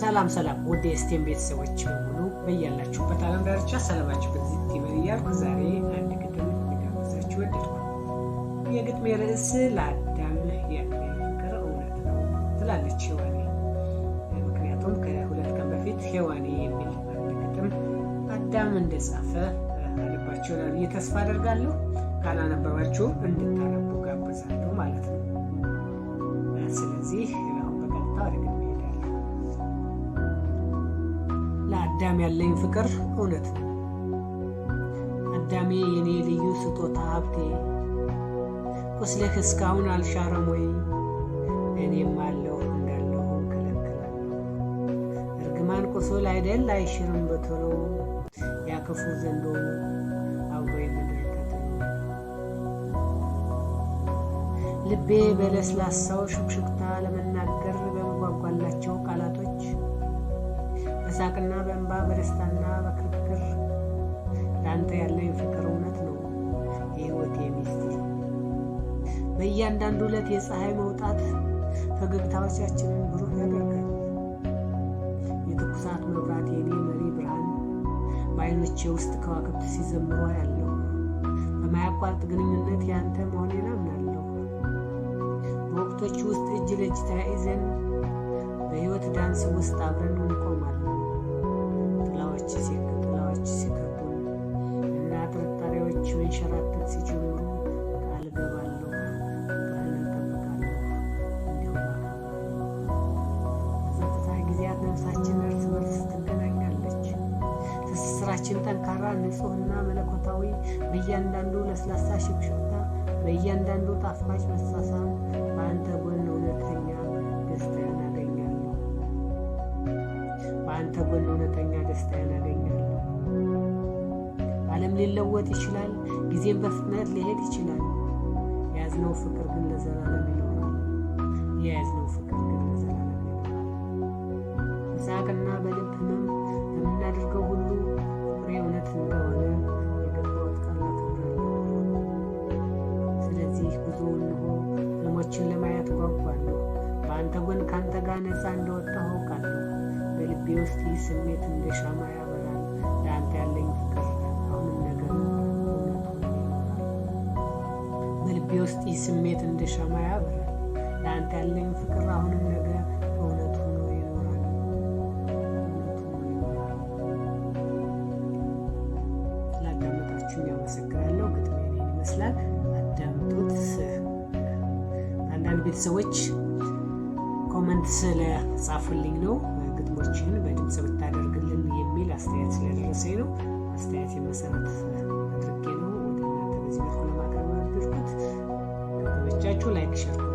ሰላም ሰላም ወደ የስቴም ቤተሰቦች በሙሉ በያላችሁበት ዓለም ዳርቻ ሰላማችሁ በዚህ ቲቨር እያልኩ ዛሬ አንድ ግጥም ሚጋብዛችሁ ወደድ የግጥሜ ርዕስ ለአዳም ያለኝ እውነት ነው ትላለች ሔዋኔ። ምክንያቱም ከሁለት ቀን በፊት ሔዋኔ የሚል አንድ ግጥም አዳም እንደጻፈ ልባቸው ላሉ ተስፋ አደርጋለሁ። ካላነበባችሁ እንድታነቡ ጋብዛለሁ ማለት ነው። ስለዚህ አሁን በቀጥታ ወደ ለአዳም ያለኝ ፍቅር እውነት ነው። አዳሜ የኔ ልዩ ስጦታ ሀብቴ፣ ቁስልህ እስካሁን አልሻረም ወይ? እኔም አለሁ እንዳለሁ እከለክላለሁ። እርግማን ቁስል አይደል አይሽርም በቶሎ ያክፉ ዘንዶ አብሮ መድረከት ልቤ በለስላሳው ሹክሹክታ ለመናገር በመጓጓላቸው ቃላቶች በሳቅና በእንባ በደስታና በክርክር ለአንተ ያለኝ ፍቅር እውነት ነው የህይወት ሚስጥር። በእያንዳንዱ ዕለት የፀሐይ መውጣት ፈገግታዎቻችንን ብሩህ ያደርጋል። የትኩሳት መብራት የኔ መሪ ብርሃን በአይኖቼ ውስጥ ከዋክብት ሲዘምሯ ያለው በማያቋርጥ ግንኙነት የአንተ መሆን አምናለሁ። በወቅቶች ውስጥ እጅ ለእጅ ተያይዘን በሕይወት ዳንስ ውስጥ አብረን እንቆማለን። እችን ጠንካራ ንጹህና መለኮታዊ በእያንዳንዱ ለስላሳ ሽክሽክታ፣ በእያንዳንዱ ጣፋጭ መሳሳም በአንተ ጎን እውነተኛ ደስታ አገኛለሁ። በአንተ ጎን እውነተኛ ደስታ አገኛለሁ። ዓለም ሊለወጥ ይችላል። ጊዜም በፍጥነት ሊሄድ ይችላል። የያዝነው ፍቅር ግን ለዘላለም ይኖራል። የያዝነው ፍቅር ግን ለዘላለም ይኖራል። በሳቅና በልብ ህመም የምናደርገው ሁሉ ክብሬ እውነት እንደሆነ የገባሁት ቃል አከብራለሁ። ስለዚህ ጉዞ እንሆ ሕልሞችን ለማየት ጓጓለሁ። በአንተ ጎን ከአንተ ጋር ነፃ እንደወጣሁ አውቃለሁ። በልቤ ውስጥ ይህ ስሜት እንደ ሻማ ያበራል። ለአንተ ያለኝ ፍቅር አሁንም ነገር በልቤ ውስጥ ይህ ስሜት እንደ ሻማ ያበራል። ለአንተ ያለኝ ፍቅር አሁንም ነገር እንደምትሉት አንዳንድ ቤተሰቦች ኮመንት ስለጻፉልኝ ነው ግጥሞችን በድምፅ ብታደርግልን የሚል አስተያየት ስለደረሰኝ ነው። አስተያየት የመሰረት አድርጌ ነው ወደ እናንተ በዚህ መልኩ ለማቅረብ ያደርኩት። ግጥሞቻችሁ ላይክ ሸር